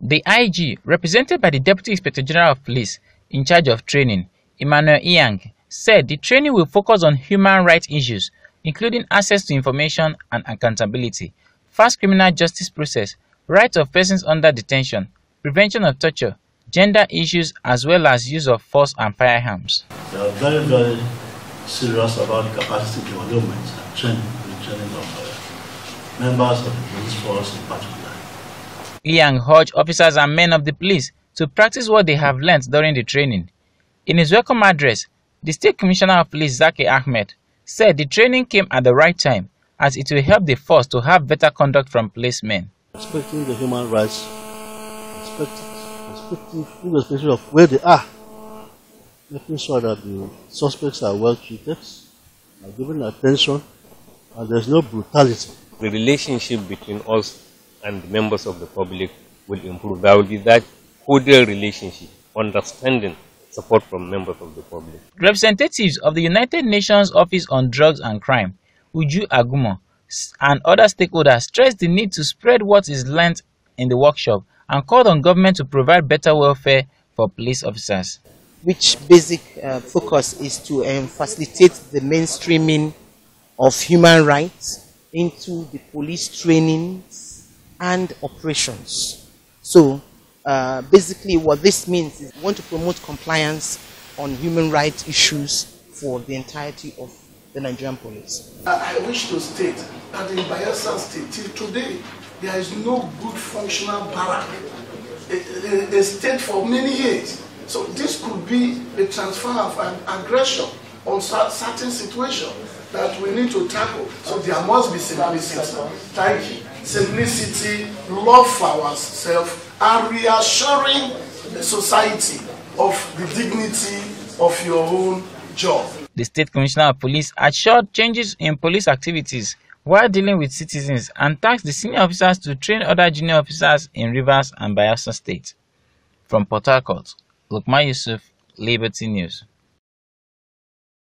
The IG, represented by the Deputy Inspector General of Police in charge of training, Emmanuel Iyang, said the training will focus on human rights issues, including access to information and accountability, fast criminal justice process, rights of persons under detention, prevention of torture, gender issues, as well as use of force and firearms. They are very, very serious about the capacity development and training, the training of uh, members of the police force in particular. Liang urged officers and men of the police to practice what they have learnt during the training. In his welcome address, the State Commissioner of Police Zaki Ahmed said the training came at the right time as it will help the force to have better conduct from policemen. Respecting the human rights, respecting, respecting irrespective of where they are, making sure that the suspects are well treated, are given attention, and there's no brutality. The relationship between us and members of the public will improve. There will be that cordial relationship, understanding, support from members of the public. Representatives of the United Nations Office on Drugs and Crime, Uju Agumo, and other stakeholders stressed the need to spread what is learnt in the workshop and called on government to provide better welfare for police officers. Which basic uh, focus is to um, facilitate the mainstreaming of human rights into the police trainings and operations. So uh, basically what this means is we want to promote compliance on human rights issues for the entirety of the Nigerian police. I wish to state that in Bayelsa State, till today, there is no good functional barrack, a, a, a state for many years. So this could be a transfer of an aggression on certain situations that we need to tackle. So there must be some Thank you. simplicity, love for ourselves, and reassuring the society of the dignity of your own job. The State Commissioner of Police assured changes in police activities while dealing with citizens and tasked the senior officers to train other junior officers in Rivers and Bayelsa State. From Port Harcourt, Lukman Yusuf, Liberty News.